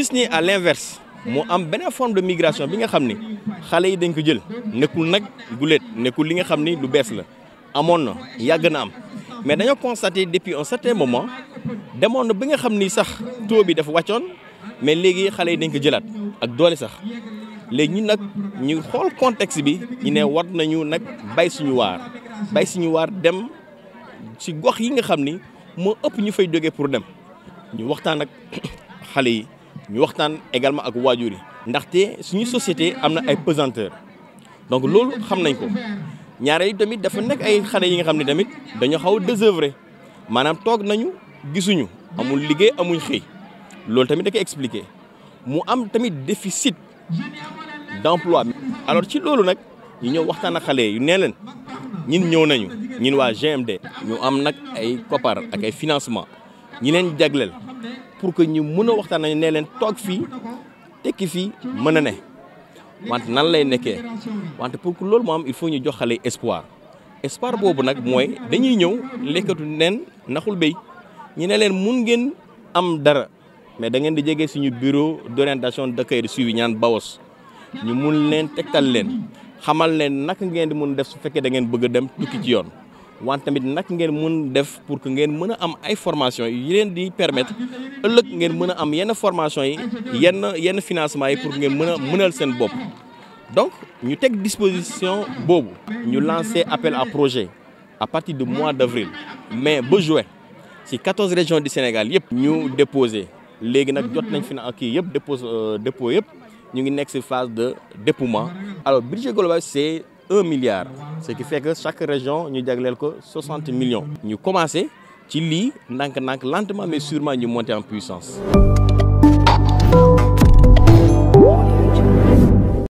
gis ni à l'inverse mu am beneen forme de migration bi nga xam ni xale yi dañ ko jël nekkul nag guléet nekkul li nga xam ni lu bees la amoon na yàgg na am mais dañoo constaté depuis un certain moment demoon na bi nga xam ni sax taux bi dafa wàccoon mais léegi xale yi dañ ko jëlaat ak doole sax léegi ñu nag ñu xool contexte bi ñu ne war nañu nag bay suñu waar bay suñu waar dem si gox yi nga xam ni moo ëpp ñu fay jógee pour dem ñu waxtaan ak xale yi ñu waxtaan également ak waajur yi. ndaxte suñu société am na ay pesanteur donc loolu xam nañ ko ñaare yi tamit dafa nekk ay xale yi nga xam ne tamit dañoo xaw a désœuvré maanaam toog nañu gisuñu amul liggéey amuñ xëy loolu tamit da koy expliqué mu am tamit déficit d'emploi. alors ci loolu nag ñu ñëw waxtaan ak xale yu nee leen ñin ñëw nañu ñin waa GMD. ñu am nag ay koppar ak ay financement ñi leen jagleel. pour que ñu mun a waxtaan nañu nee leen toog fii tekki fii mën a ne want nan lay nekkee wante pour que loolu moo am il faut ñu jox xale espoir espoir boobu nag mooy dañuy ñëw lekkatu neen naxul béy ñu ne leen mun ngeen am dara mais da di jege suñu bureau d'orientation d'accueil de suivi ñaan bawos ñu mun leen tegtal leen xamal leen nak ngeen di mun def su fekkee da ngeen bëgg dem tukki ci yoon wante tamit nag ngeen mun def pour que ngeen mën a am ay formation yi leen di permettre ëllëg ngeen mën a am yenn formation yi yenn yenn financement yi pour ngeen mën a mënal seen bopp donc ñu teg disposition boobu ñu lancer appel à projet à partir du mois d'avril mais ba juin ci quatorze régions du Sénégal yëpp ñu déposé léegi nag jot nañ fi na kii yëpp dépose euh, dépôt yëpp ñu ngi nekk ci phase de dépouillement alors budget global c'est un milliard ce qui fait que chaque région ñu jagleel ko 60 millions ñu commencé ci lii ndànk-ndànk lentement mais sûrement ñu monter en puissance